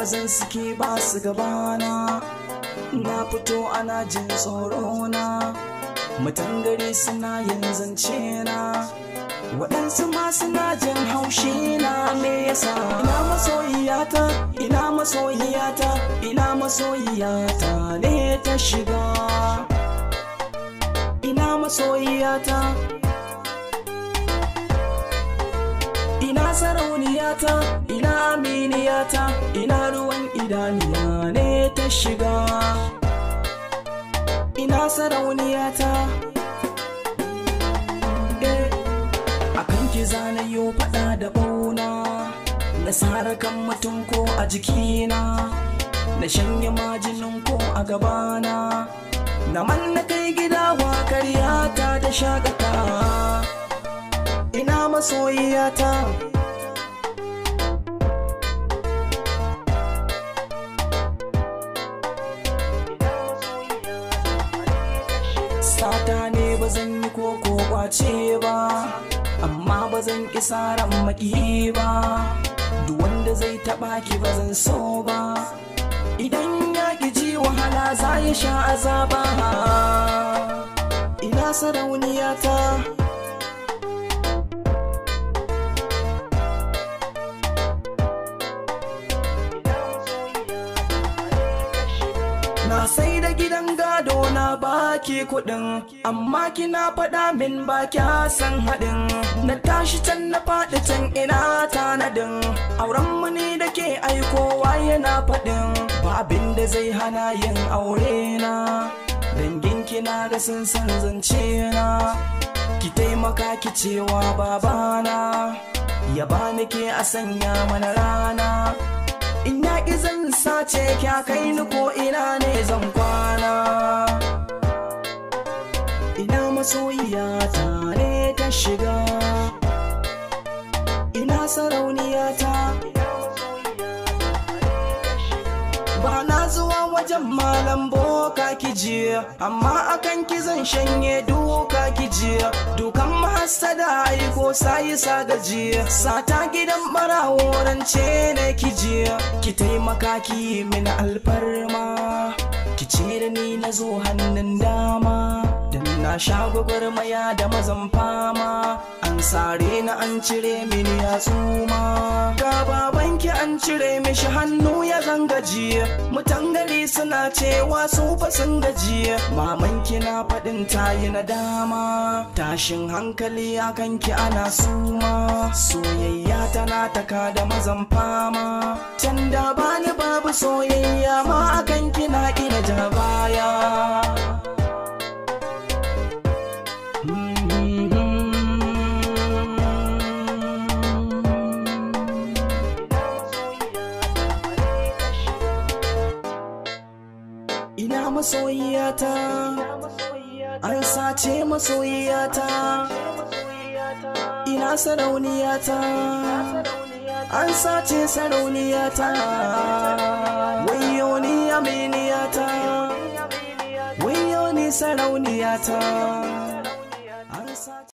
mazan suke ba su gabana na fito ana jin tsorona matangare suna yin zance na waɗansu ma suna jin haushi na me yasa ina masoyiyata ina masoyiyata ina masoyiyata ne ta shiga ina masoyiyata ina sarauniyata duniyata ina ruwan idaniya ne ta shiga ina sarauniyata eh, a kan ki zanayo fada da bauna na tsara kan mutum ko a jikina na shanye majinin ko a gabana na man na kai gida wa karyata ta shakata ina masoyiyata sata ne ba zan yi koko kwace ba amma ba zan saran maki ba duk wanda zai taɓa ki ba zan so ba idan ya ki ji wahala za ya sha azaba ina sarauniyata na sai gidan gado na baki kuɗin amma kina faɗa min ba kya san haɗin na tashi can na faɗi can ina tanadin auren mu ne da ke aikowa yana faɗin ba abin da zai hana yin aure na dangin kina da sun san zance na ki taimaka ki cewa babana ya bani ke a sanya mana rana in yaƙi zan sace kya kai ni ko ina ne zan masoyiya tare ta shiga ina sarauniya ta ba na zuwa wajen malam boka jiya. amma akan ki zan shanye duka jiya. dukan mahasada ko sayi sagajiya sata gidan barawo ce na kijiya ki taimaka ki min alfarma ki cire ni na zo hannun dama na sha gwagwarmaya da mazan fama an sare na an cire mini ya tsuma ga babanki an cire mishi hannu ya zangaji gari suna cewa su fa sun gaji mamanki na faɗin tayi na dama tashin hankali a kanki ana suma soyayya tana taka da mazan fama can da bani babu soyayya ma masoyiyata an sace masoyiyata ina sarauniyata an sace sarauniyata wayo aminiyata wayo sarauniyata